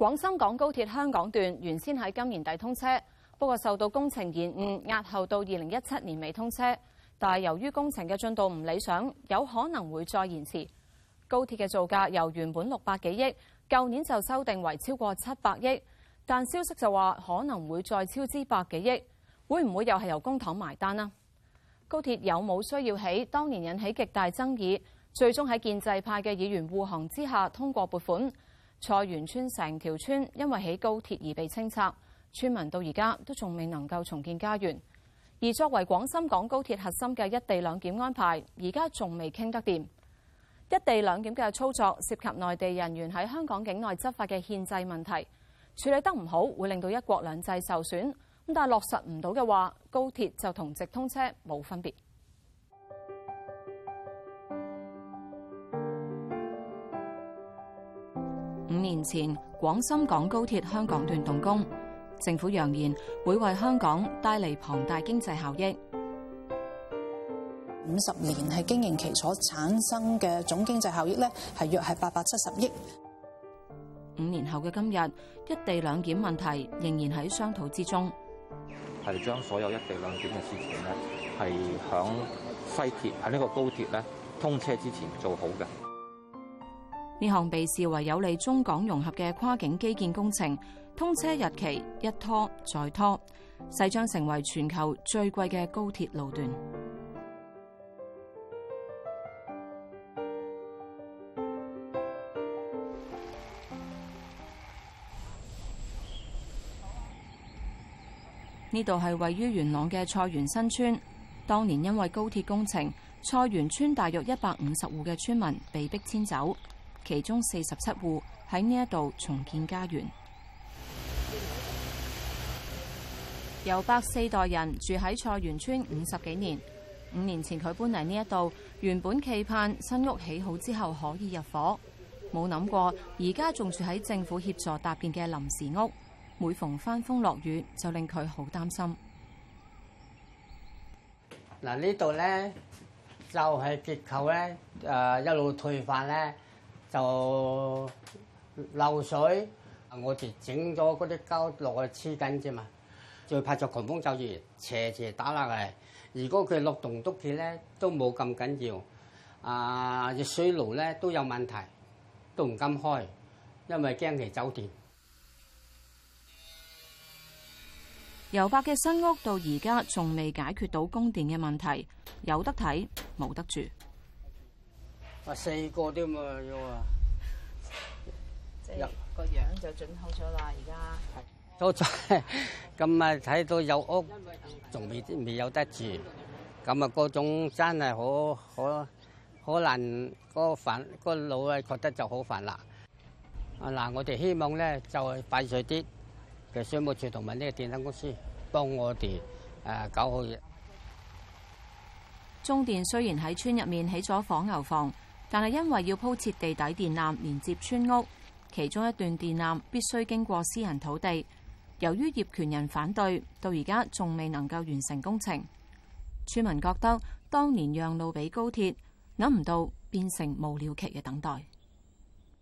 廣深港高鐵香港段原先喺今年底通車，不過受到工程延誤，押後到二零一七年尾通車。但係由於工程嘅進度唔理想，有可能會再延遲。高鐵嘅造價由原本六百幾億，舊年就修訂為超過七百億，但消息就話可能會再超支百幾億，會唔會又係由公帑埋單呢？高鐵有冇需要起？當年引起極大爭議，最終喺建制派嘅議員護航之下通過撥款。菜園村成條村因為起高鐵而被清拆，村民到而家都仲未能夠重建家園。而作為廣深港高鐵核心嘅一地兩檢安排，而家仲未傾得掂。一地兩檢嘅操作涉及內地人員喺香港境內執法嘅憲制問題，處理得唔好會令到一國兩制受損。咁但係落實唔到嘅話，高鐵就同直通車冇分別。五年前，廣深港高鐵香港段動工，政府揚言會為香港帶嚟龐大經濟效益。五十年係經營期所產生嘅總經濟效益咧，係約係八百七十億。五年後嘅今日，一地兩檢問題仍然喺商討之中。係將所有一地兩檢嘅事情咧，係響西鐵喺呢個高鐵咧通車之前做好嘅。呢項被視為有利中港融合嘅跨境基建工程，通車日期一拖再拖，勢將成為全球最貴嘅高鐵路段。呢度係位於元朗嘅菜園新村，當年因為高鐵工程，菜園村大約一百五十戶嘅村民被逼遷走。其中四十七戶喺呢一度，重建家園，有百四代人住喺菜園村五十幾年。五年前佢搬嚟呢一度，原本期盼新屋起好之後可以入伙，冇諗過而家仲住喺政府協助搭建嘅臨時屋。每逢翻風落雨，就令佢好擔心。嗱，呢度呢就係結構呢，誒一路退化呢。就漏水，我哋整咗嗰啲膠落去黐緊啫嘛。就拍咗狂風驟雨，斜斜打落嚟。如果佢落棟篤企咧，都冇咁緊要。啊，熱水爐咧都有問題，都唔敢開，因為驚佢走電。遊伯嘅新屋到而家仲未解決到供電嘅問題，有得睇冇得住。我四個添喎，即個樣就准好咗啦。而家多咁啊睇到有屋，仲未未有得住，咁啊嗰種真係好，可能，那個煩，那個老啊覺得就好煩啦。啊嗱，我哋希望咧就係快脆啲嘅商務處同埋呢個電燈公司幫我哋誒，啊、搞好嘢。中電雖然喺村入面起咗房，牛房。但係因為要鋪設地底電纜連接村屋，其中一段電纜必須經過私人土地，由於業權人反對，到而家仲未能夠完成工程。村民覺得當年讓路俾高鐵，諗唔到變成無了期嘅等待。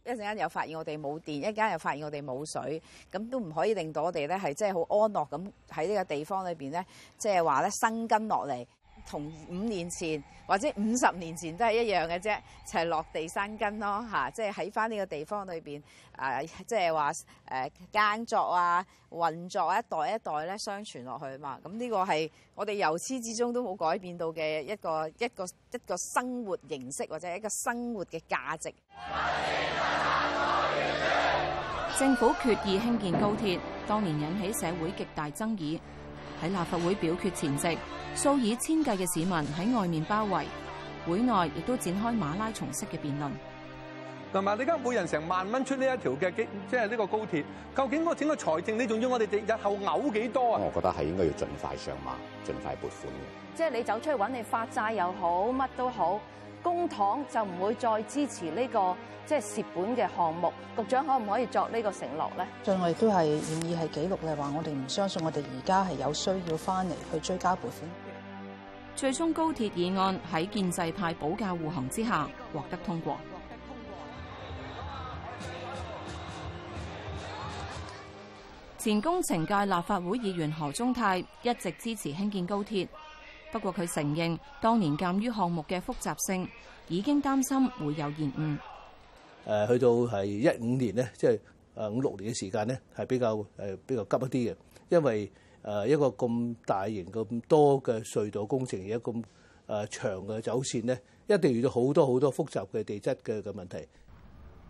一陣間又發現我哋冇電，一陣間又發現我哋冇水，咁都唔可以令到我哋咧係即係好安樂咁喺呢個地方裏邊咧，即係話咧生根落嚟。同五年前或者五十年前都係一樣嘅啫，就係落地生根咯吓，即係喺翻呢個地方裏邊誒，即係話誒耕作啊、運作一代一代咧相傳落去啊嘛，咁呢個係我哋由始至終都冇改變到嘅一個一個一個生活形式或者一個生活嘅價值。政府決意興建高鐵，當年引起社會極大爭議，喺立法會表決前夕，數以千計嘅市民喺外面包圍，會內亦都展開馬拉松式嘅辯論。同埋，你而家每人成萬蚊出呢一條嘅機，即係呢個高鐵，究竟我整個財政，你仲要我哋日後嘔幾多啊？我覺得係應該要盡快上馬，盡快撥款嘅。即係你走出去揾你發債又好，乜都好。公帑就唔會再支持呢個即係蝕本嘅項目，局長可唔可以作呢個承諾呢？最後亦都係願意係記錄嘅話，說我哋唔相信我哋而家係有需要翻嚟去追加撥款。最終高鐵議案喺建制派保駕護航之下獲得通過。前工程界立法會議員何鍾泰一直支持興建高鐵。不過佢承認，當年鑑於項目嘅複雜性，已經擔心會有延誤。誒，去到係一五年咧，即係誒五六年嘅時間咧，係比較誒比較急一啲嘅，因為誒一個咁大型、咁多嘅隧道工程，而家咁誒長嘅走線咧，一定遇到好多好多複雜嘅地質嘅嘅問題。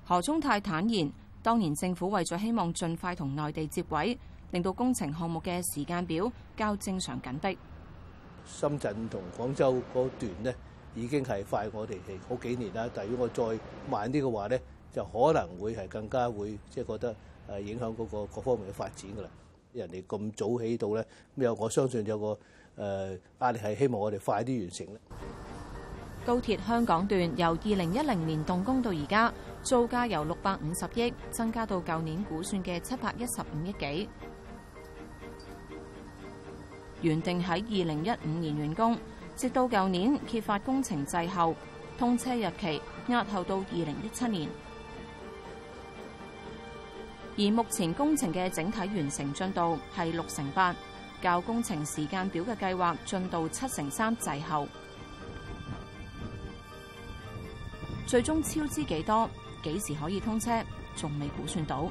何鍾泰坦言，當年政府為咗希望盡快同內地接軌，令到工程項目嘅時間表較正常緊迫。深圳同廣州嗰段咧，已經係快我哋嘅好幾年啦，但如果再慢啲嘅話咧，就可能會係更加會即係覺得誒影響嗰個各方面嘅發展㗎啦。人哋咁早起到咧，咁有我相信有個誒壓力係希望我哋快啲完成咧。高鐵香港段由二零一零年動工到而家，造價由六百五十億增加到舊年估算嘅七百一十五億幾。原定喺二零一五年完工，直到舊年揭發工程滯後，通車日期押後到二零一七年。而目前工程嘅整體完成進度係六成八，較工程時間表嘅計劃進度七成三滯後。最終超支幾多？幾時可以通車？仲未估算到。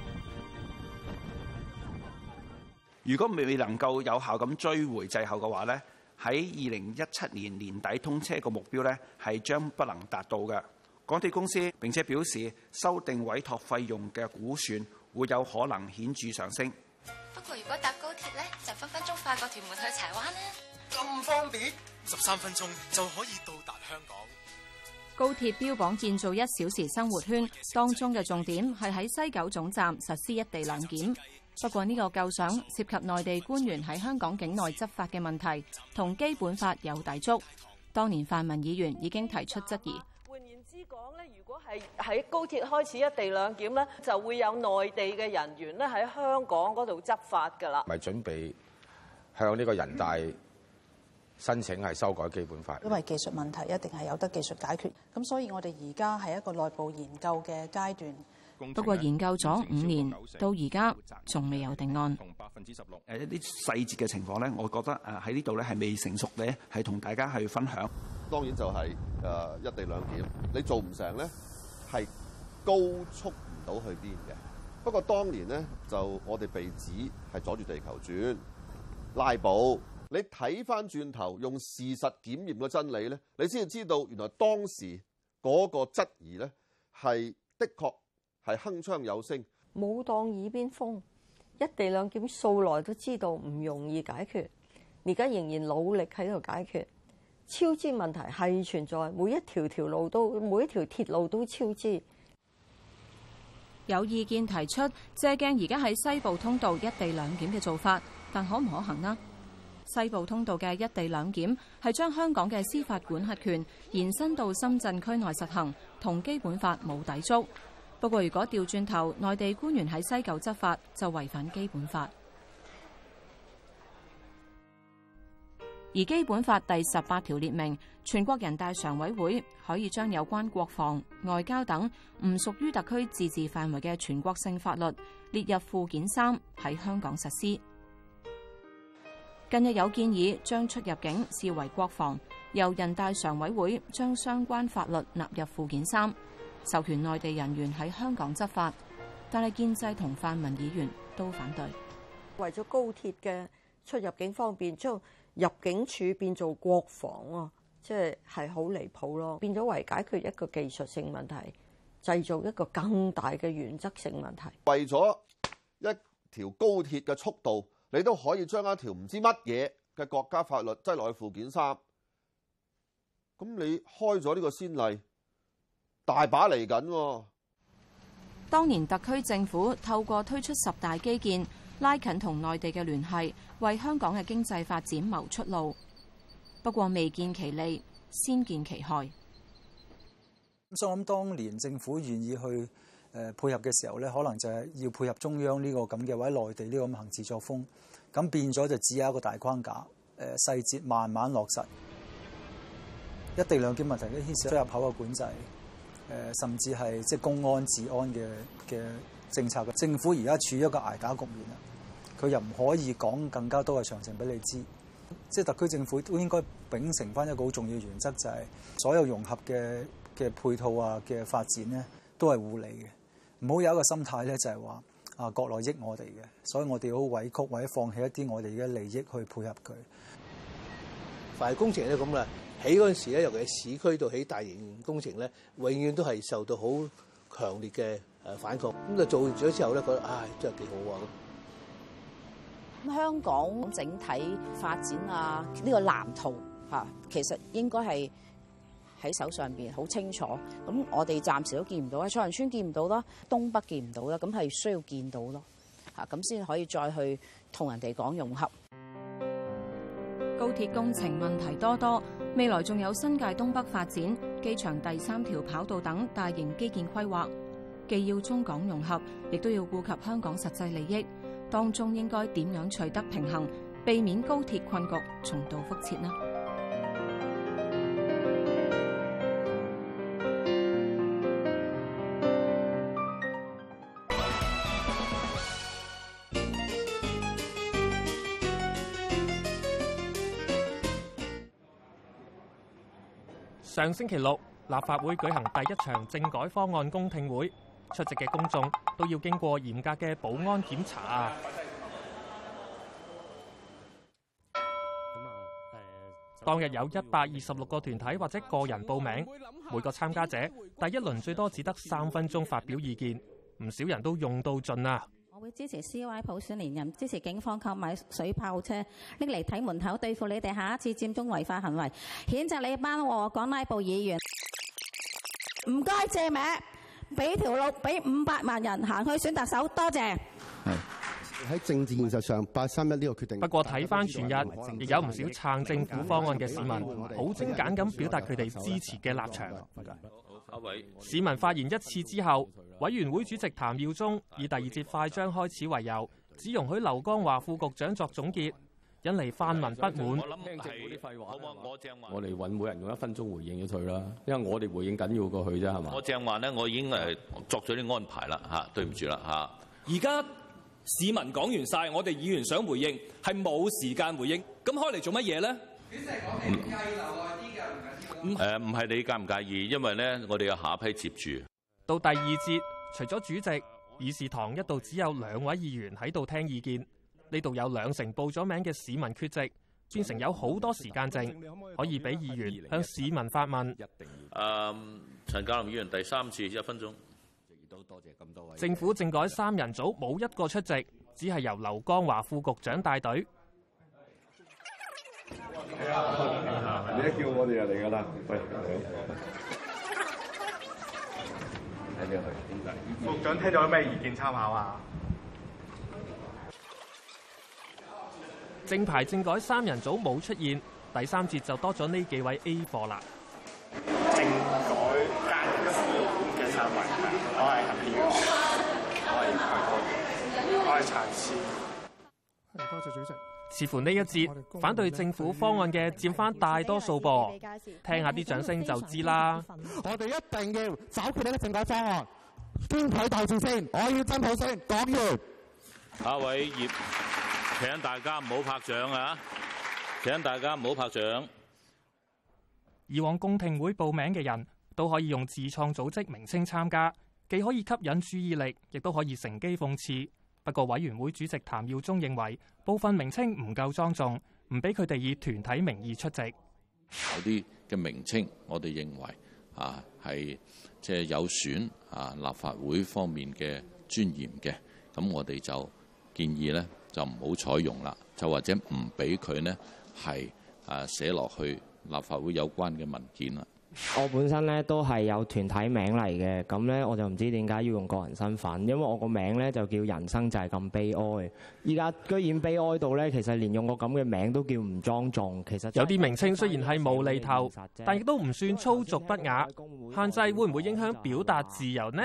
如果未未能夠有效咁追回滯後嘅話咧，喺二零一七年年底通車個目標咧係將不能達到嘅。港鐵公司並且表示，修訂委託費用嘅估算會有可能顯著上升。不過，如果搭高鐵咧，就分分鐘快過屯門去柴灣啦。咁方便，十三分鐘就可以到達香港。高鐵標榜建造一小時生活圈，當中嘅重點係喺西九總站實施一地兩檢。不過呢個構想涉及內地官員喺香港境內執法嘅問題，同基本法有抵觸。當年泛民議員已經提出質疑。換言之講咧，如果係喺高鐵開始一地兩檢咧，就會有內地嘅人員咧喺香港嗰度執法噶啦。咪準備向呢個人大申請係修改基本法？因為技術問題一定係有得技術解決，咁所以我哋而家係一個內部研究嘅階段。不過研究咗五年到而家，仲未有定案。同百分之十六誒一啲細節嘅情況咧，我覺得誒喺呢度咧係未成熟嘅，係同大家去分享。當然就係誒一地兩檢，你做唔成咧，係高速唔到去邊嘅。不過當年咧就我哋被指係阻住地球轉拉布，你睇翻轉頭用事實檢驗個真理咧，你先至知道原來當時嗰個質疑咧係的確。係鏗鏘有聲，冇當耳邊風。一地兩檢數來都知道唔容易解決，而家仍然努力喺度解決。超支問題係存在，每一條條路都，每一條鐵路都超支。有意見提出借鏡而家喺西部通道一地兩檢嘅做法，但可唔可行呢？西部通道嘅一地兩檢係將香港嘅司法管轄權延伸到深圳區內實行，同基本法冇抵觸。不過，如果調轉頭，內地官員喺西九執法就違反基本法。而基本法第十八條列明，全國人大常委會可以將有關國防、外交等唔屬於特區自治範圍嘅全國性法律列入附件三喺香港實施。近日有建議將出入境視為國防，由人大常委會將相關法律納入附件三。授權內地人員喺香港執法，但係建制同泛民議員都反對。為咗高鐵嘅出入境方便，將入境處變做國防啊，即係係好離譜咯。變咗為解決一個技術性問題，製造一個更大嘅原則性問題。為咗一條高鐵嘅速度，你都可以將一條唔知乜嘢嘅國家法律擠落去附件三。咁你開咗呢個先例。大把嚟緊。當年特區政府透過推出十大基建，拉近同內地嘅聯繫，為香港嘅經濟發展謀出路。不過未見其利，先見其害。咁所以我諗，當年政府願意去誒配合嘅時候咧，可能就係要配合中央呢個咁嘅，或者內地呢個咁行事作風。咁變咗就只有一個大框架，誒細節慢慢落實。一地兩檢問題咧，牽涉到入口嘅管制。誒，甚至係即係公安治安嘅嘅政策嘅，政府而家處於一個挨打局面啦，佢又唔可以講更加多嘅詳情俾你知。即係特區政府都應該秉承返一個好重要原則，就是，就係所有融合嘅嘅配套啊嘅發展咧，都係互利嘅。唔好有一個心態咧，就係話啊，國內益我哋嘅，所以我哋好委曲，或者放棄一啲我哋嘅利益去配合佢。凡係工程都咁啦。起嗰陣時咧，尤其喺市區度起大型工程咧，永遠都係受到好強烈嘅誒反抗。咁就做完咗之後咧，覺得唉，真係幾好啊！咁香港整體發展啊，呢、這個藍圖嚇、啊，其實應該係喺手上邊好清楚。咁我哋暫時都見唔到，蔡雲村見唔到啦，東北見唔到啦，咁係需要見到咯嚇，咁、啊、先可以再去同人哋講融合。高鐵工程問題多多。未來仲有新界東北發展、機場第三條跑道等大型基建規劃，既要中港融合，亦都要顧及香港實際利益，當中應該點樣取得平衡，避免高鐵困局重蹈覆轍呢？上星期六，立法會舉行第一場政改方案公聽會，出席嘅公眾都要經過嚴格嘅保安檢查啊 當日有一百二十六個團體或者個人報名，每個參加者第一輪最多只得三分鐘發表意見，唔少人都用到盡啦。我會支持 C Y 普選連任，支持警方購買水炮車，拎嚟睇門口對付你哋下一次佔中違法行為，譴責你班禍港拉布議員。唔該借名，俾條路俾五百萬人行去選特首。多謝。係喺政治現實上，八三一呢個決定。不過睇翻全日，亦有唔少撐政府方案嘅市民，好精簡咁表達佢哋支持嘅立場。市民發言一次之後。委員會主席譚耀宗以第二節快將開始為由，只容許劉江華副局長作總結，引嚟泛民不滿。我諗聽住冇啲廢話好？我我正我哋揾每人用一分鐘回應咗佢啦，因為我哋回應緊要過佢啫，係嘛？我正話咧，我已經誒作咗啲安排啦，吓對唔住啦，吓。而家市民講完晒，我哋議員想回應係冇時間回應，咁開嚟做乜嘢咧？佢就係講你係留外啲嘅，唔緊誒，唔係你介唔介意？因為咧，我哋有下一批接住。到第二節，除咗主席，議事堂一度只有兩位議員喺度聽意見。呢度有兩成報咗名嘅市民缺席，變成有好多時間剩，可以俾議員向市民發問。誒、呃，陳家洛議員第三次一分鐘。政府政改三人組冇一個出席，只係由劉江華副局長帶隊。你叫我啦，哎副長聽咗有咩意見參考啊？正牌政改三人組冇出現，第三節就多咗呢幾位 A 貨啦。政改的嘅三位，我係 我係我係 多謝主席。似乎呢一節反對政府方案嘅佔翻大多數噃，聽下啲掌聲就知啦。我哋一定要找佢呢嘅政改方案先睇投票先，我要真普選。講完，下一位，業，請大家唔好拍掌啊！請大家唔好拍掌。以往公聽會報名嘅人都可以用自創組織名稱參加，既可以吸引注意力，亦都可以乘機諷刺。不過委員會主席譚耀宗認為部分名稱唔夠莊重，唔俾佢哋以團體名義出席。有啲嘅名稱，我哋認為啊係即係有損啊立法會方面嘅尊嚴嘅，咁我哋就建議呢就唔好採用啦，就或者唔俾佢呢係啊寫落去立法會有關嘅文件啦。我本身咧都係有團體名嚟嘅，咁咧我就唔知點解要用個人身份，因為我個名咧就叫人生就係咁悲哀。依家居然悲哀到咧，其實連用個咁嘅名都叫唔莊重。其實有啲名稱雖然係無厘頭，但亦都唔算粗俗不雅。限制會唔會影響表達自由呢？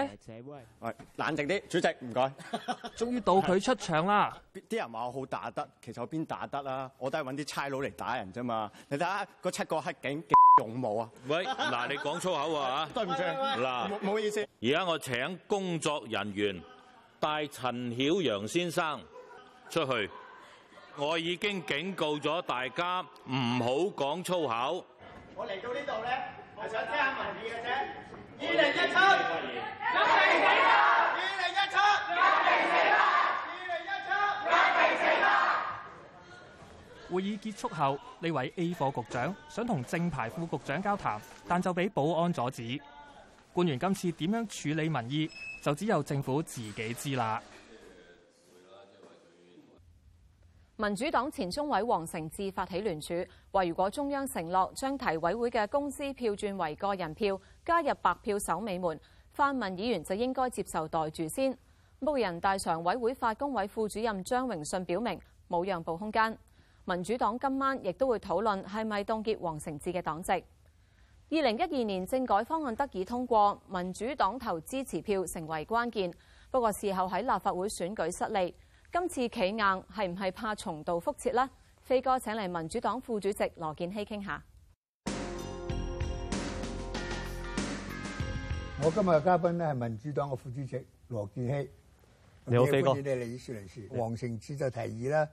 喂，冷靜啲，主席唔該。 終於到佢出場啦！啲 人話我好打得，其實我邊打得啦，啊？我都係揾啲差佬嚟打人啫嘛！你睇下嗰七個黑警。用冇啊？喂，嗱，你講粗口啊吓？對唔住，嗱，唔好意思。而家我請工作人員帶陳曉陽先生出去。我已經警告咗大家唔好講粗口。我嚟到呢度咧，我想聽下民意嘅啫。二零一七，一零幾多？二零一七，一零幾多？會議結束後，呢位 A 貨局長想同正牌副局長交談，但就俾保安阻止。官員今次點樣處理民意，就只有政府自己知啦。民主黨前中委黃成智發起聯署，話如果中央承諾將提委會嘅公司票轉為個人票，加入白票守尾門，泛民議員就應該接受待住先。木人大常委會法工委副主任張榮信表明冇讓步空間。民主黨今晚亦都會討論係咪凍結黃成智嘅黨籍。二零一二年政改方案得以通過，民主黨投支持票成為關鍵。不過事後喺立法會選舉失利，今次企硬係唔係怕重蹈覆轍呢？飛哥請嚟民主黨副主席羅健熙傾下。我今日嘅嘉賓咧係民主黨嘅副主席羅健熙。你好，飛哥。李樹玲女士。黃成智就提議啦。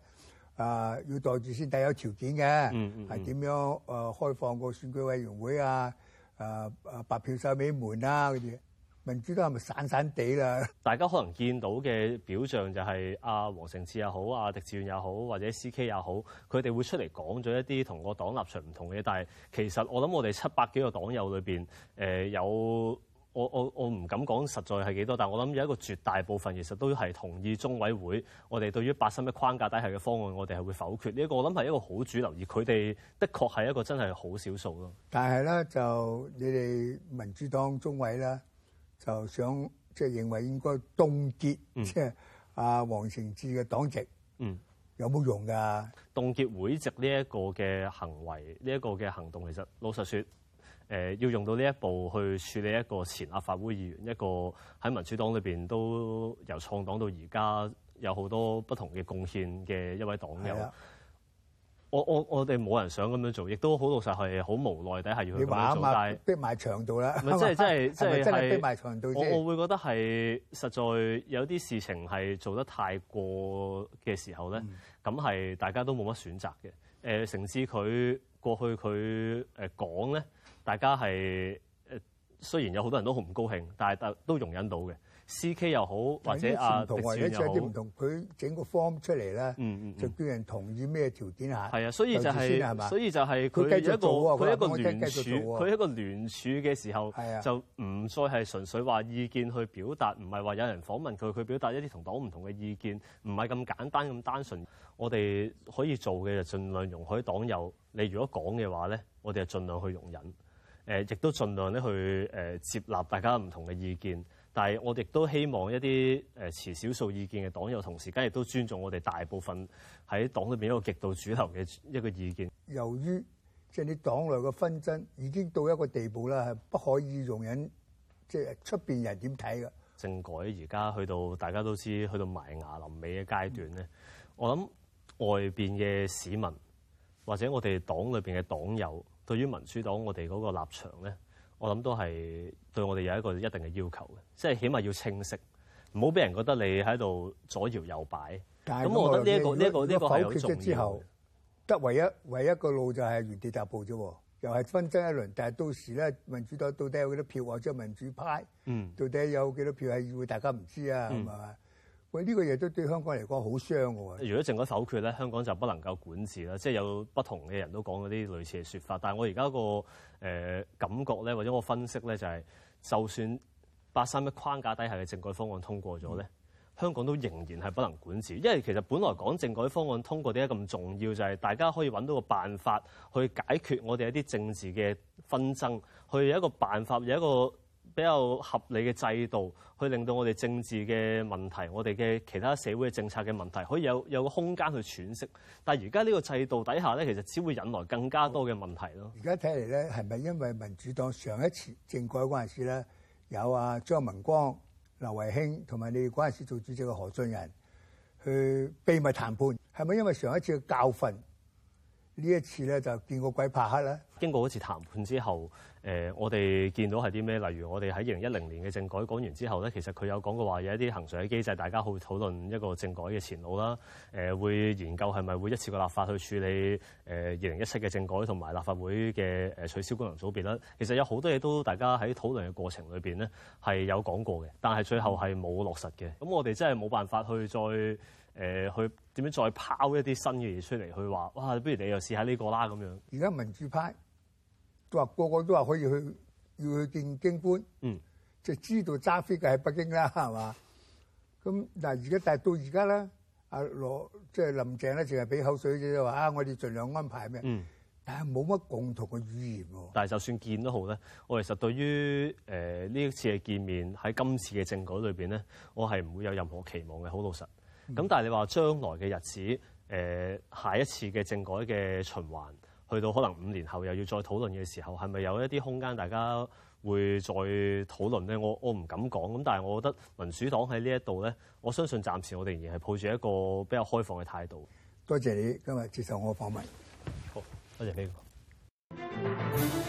啊！要袋住先睇有條件嘅，係、嗯、點、嗯、樣？誒、呃，開放個選舉委員會啊！誒、啊、誒，白票晒尾門啊！啲民主都係咪散散地啦？大家可能見到嘅表象就係阿黃成志又好，阿、啊、狄志遠又好，或者 CK 又好，佢哋會出嚟講咗一啲同個黨立場唔同嘅嘢，但係其實我諗我哋七百幾個黨友裏邊，誒、呃、有。我我我唔敢講實在係幾多，但係我諗有一個絕大部分，其實都係同意中委會我哋對於八三一框架底下嘅方案，我哋係會否決呢，一個我諗係一個好主流，而佢哋的確係一個真係好少數咯。但係咧，就你哋民主黨中委咧，就想即係認為應該凍結，即係阿黃成志嘅黨籍，嗯，有冇用噶？凍結會籍呢一個嘅行為，呢一個嘅行動，其實老實說。誒要用到呢一步去處理一個前立法會議員，一個喺民主黨裏邊都由創黨到而家有好多不同嘅貢獻嘅一位黨友。啊我。我我我哋冇人想咁樣做，亦都好老實係好無奈底下要咁樣做，但係逼埋牆度啦。唔係即係即係即係逼埋牆做。我、即係即係、我會覺得係實在有啲事情係做得太過嘅時候咧，咁、嗯、係大家都冇乜選擇嘅。誒、呃，甚至佢過去佢誒、呃、講咧。大家係誒，雖然有好多人都好唔高興，但係都都容忍到嘅。C.K. 又好，或者阿、啊、狄志遠又好，佢整個 form 出嚟咧、嗯嗯嗯，就叫人同意咩條件下、啊、係啊，所以就係、是，所以就係佢一個佢、啊、一個聯署，佢一個聯署嘅時候就唔、啊啊、再係純粹話意見去表達，唔係話有人訪問佢，佢表達一啲同黨唔同嘅意見，唔係咁簡單咁單純。我哋可以做嘅就儘量容許黨友，你如果講嘅話咧，我哋就儘量去容忍。誒，亦都盡量咧去誒接納大家唔同嘅意見，但係我哋都希望一啲誒持少數意見嘅黨友同時，而家亦都尊重我哋大部分喺黨裏邊一個極度主流嘅一個意見。由於即係、就是、你黨內嘅紛爭已經到一個地步咧，係不可以容忍，即係出邊人點睇嘅政改而家去到大家都知去到埋牙臨尾嘅階段咧、嗯，我諗外邊嘅市民或者我哋黨裏邊嘅黨友。對於民主黨，我哋嗰個立場咧，我諗都係對我哋有一個一定嘅要求嘅，即係起碼要清晰，唔好俾人覺得你喺度左搖右擺。咁我覺得呢個呢個呢個否決之後，得唯一唯一個路就係原地踏步啫，又係分爭一輪。但係到時咧，民主黨到底有幾多票或者民主派？嗯，到底有幾多票係會、嗯、大家唔知啊？係咪啊？喂，呢、這個嘢都對香港嚟講好傷嘅喎。如果政改否決咧，香港就不能夠管治啦。即係有不同嘅人都講嗰啲類似嘅說法。但係我而家、那個誒、呃、感覺咧，或者我分析咧，就係、是、就算八三一框架底下嘅政改方案通過咗咧，嗯、香港都仍然係不能管治。因為其實本來講政改方案通過點解咁重要，就係、是、大家可以揾到個辦法去解決我哋一啲政治嘅紛爭，去有一個辦法有一個。比較合理嘅制度，去令到我哋政治嘅問題，我哋嘅其他社會嘅政策嘅問題可以有有個空間去喘息。但係而家呢個制度底下咧，其實只會引來更加多嘅問題咯。而家睇嚟咧，係咪因為民主黨上一次政改嗰陣時咧，有啊張文光、劉慧卿同埋你嗰陣時做主席嘅何俊仁去秘密談判，係咪因為上一次嘅教訓。呢一次咧就見過鬼怕黑啦！經過一次談判之後，誒、呃、我哋見到係啲咩？例如我哋喺二零一零年嘅政改講完之後咧，其實佢有講過話有一啲恆常嘅機制，大家去討論一個政改嘅前路啦。誒、呃、會研究係咪會一次過立法去處理誒二零一七嘅政改同埋立法會嘅誒取消功能組別啦。其實有好多嘢都大家喺討論嘅過程裏邊咧係有講過嘅，但係最後係冇落實嘅。咁我哋真係冇辦法去再。誒，佢點樣再拋一啲新嘅嘢出嚟？佢話：哇，不如你又試下呢個啦咁樣。而家民主派都話個個都話可以去要去見京官，嗯，就知道揸飛嘅喺北京啦，係嘛？咁嗱，而家但係到而家咧，阿、啊、羅即係、就是、林鄭咧，淨係俾口水啫，話啊，我哋盡量安排咩？嗯，但係冇乜共同嘅語言喎、啊。但係就算見都好咧，我其實對於誒呢一次嘅見面喺今次嘅政改裏邊咧，我係唔會有任何期望嘅。好老實。咁但係你話將來嘅日子，誒下一次嘅政改嘅循環，去到可能五年後又要再討論嘅時候，係咪有一啲空間大家會再討論咧？我我唔敢講。咁但係我覺得民主黨喺呢一度咧，我相信暫時我哋仍然係抱住一個比較開放嘅態度。多謝你今日接受我嘅訪問。好，多謝你。